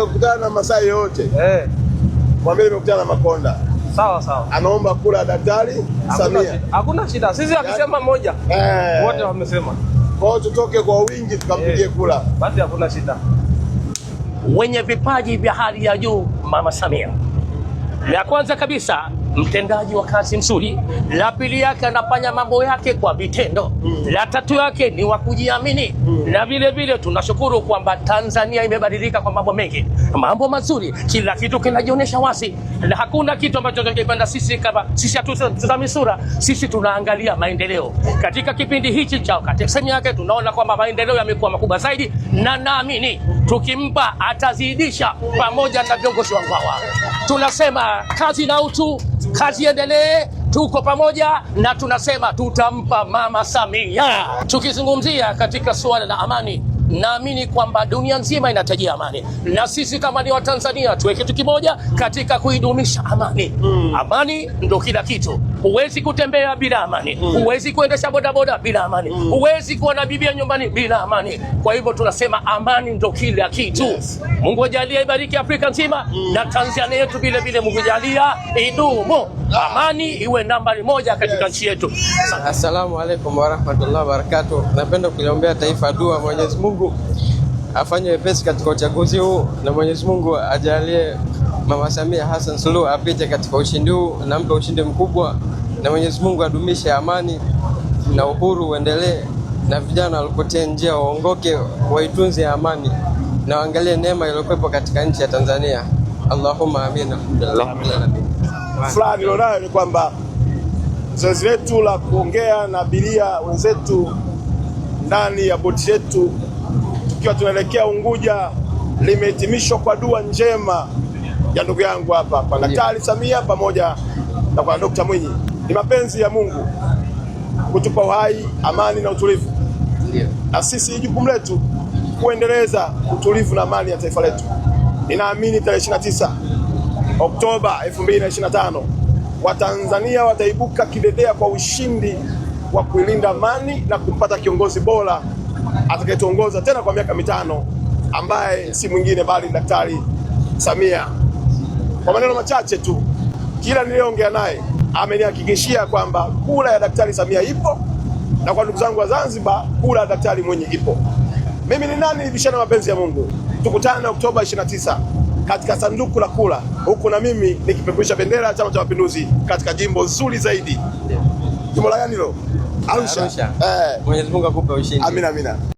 kukutana na Masai yoyote eh, mwambie nimekutana na Makonda. Sawa sawa, anaomba kura ya Daktari Samia. Hakuna shida, sisi akisema yaani, moja eh, wote wamesema hiyo tutoke kwa wingi tukampigie eh, kura. Basi hakuna shida. Wenye vipaji vya hali ya juu, Mama Samia ya kwanza kabisa mtendaji wa kazi mzuri. La pili yake anafanya mambo yake kwa vitendo. mm. La tatu yake ni wa kujiamini. mm. Na vile vile tunashukuru kwamba Tanzania imebadilika kwa mambo mengi, mambo mazuri, kila kitu kinajionyesha wazi, na hakuna kitu ambacho tunakipenda sisi kama sisi hatutazami sura, sisi tunaangalia maendeleo katika kipindi hichi cha wakati sehemu yake, tunaona kwamba maendeleo yamekuwa makubwa zaidi, na naamini tukimpa atazidisha, pamoja na viongozi wa hawa tunasema kazi na utu kazi endelee, tuko pamoja na tunasema tutampa Mama Samia. Tukizungumzia katika suala la amani naamini kwamba dunia nzima inahitaji amani, na sisi kama ni Watanzania tuwe kitu kimoja katika kuidumisha amani mm. Amani ndo kila kitu. Huwezi kutembea bila amani, Mm. huwezi kuendesha bodaboda bila amani, Mm. huwezi kuwa na bibia nyumbani bila amani. Kwa hivyo tunasema amani ndo kila kitu yes. Mungu ajalie ibariki Afrika nzima mm. na Tanzania yetu vile vile, Mungu ajalia idumu ah. amani iwe nambari moja katika nchi yetu. Yes. Assalamu alaikum warahmatullahi wabarakatuh. Napenda kuliombea taifa dua Mwenyezi Mungu Mungu afanye wepesi katika uchaguzi huu na Mwenyezi Mungu ajalie Mama Samia Hassan Suluhu apite katika ushindi huu na mpe ushindi mkubwa, na Mwenyezi Mungu adumishe amani na uhuru uendelee, na vijana walipotea njia waongoke, waitunze amani na waangalie neema iliyokuwepo katika nchi ya Tanzania. Allahumma amina. Furaha nilionayo ni kwamba zoezi letu la kuongea na abiria wenzetu ndani ya boti yetu tukiwa tunaelekea Unguja limehitimishwa kwa dua njema ya ndugu yangu hapa kwa Daktari Samia pamoja na kwa Dokta Mwinyi. Ni mapenzi ya Mungu kutupa uhai, amani na utulivu, na sisi jukumu letu kuendeleza utulivu na amani ya taifa letu. Ninaamini tarehe 29 Oktoba 2025 Watanzania wataibuka kidedea kwa ushindi wa kuilinda amani na kumpata kiongozi bora atakayetuongoza tena kwa miaka mitano ambaye si mwingine bali Daktari Samia. Kwa maneno machache tu, kila niliyoongea naye amenihakikishia kwamba kura ya Daktari Samia ipo, na kwa ndugu zangu wa Zanzibar, kura ya Daktari Mwinyi ipo. Mimi ni nani nibishana mapenzi ya Mungu? Tukutane Oktoba 29 katika sanduku la kura, huku na mimi nikipeperusha bendera ya Chama cha Mapinduzi katika jimbo zuri zaidi. Jimbo la gani hilo? Arusha. Eh. Mwenyezi Mungu akupe ushindi. Amina, amina.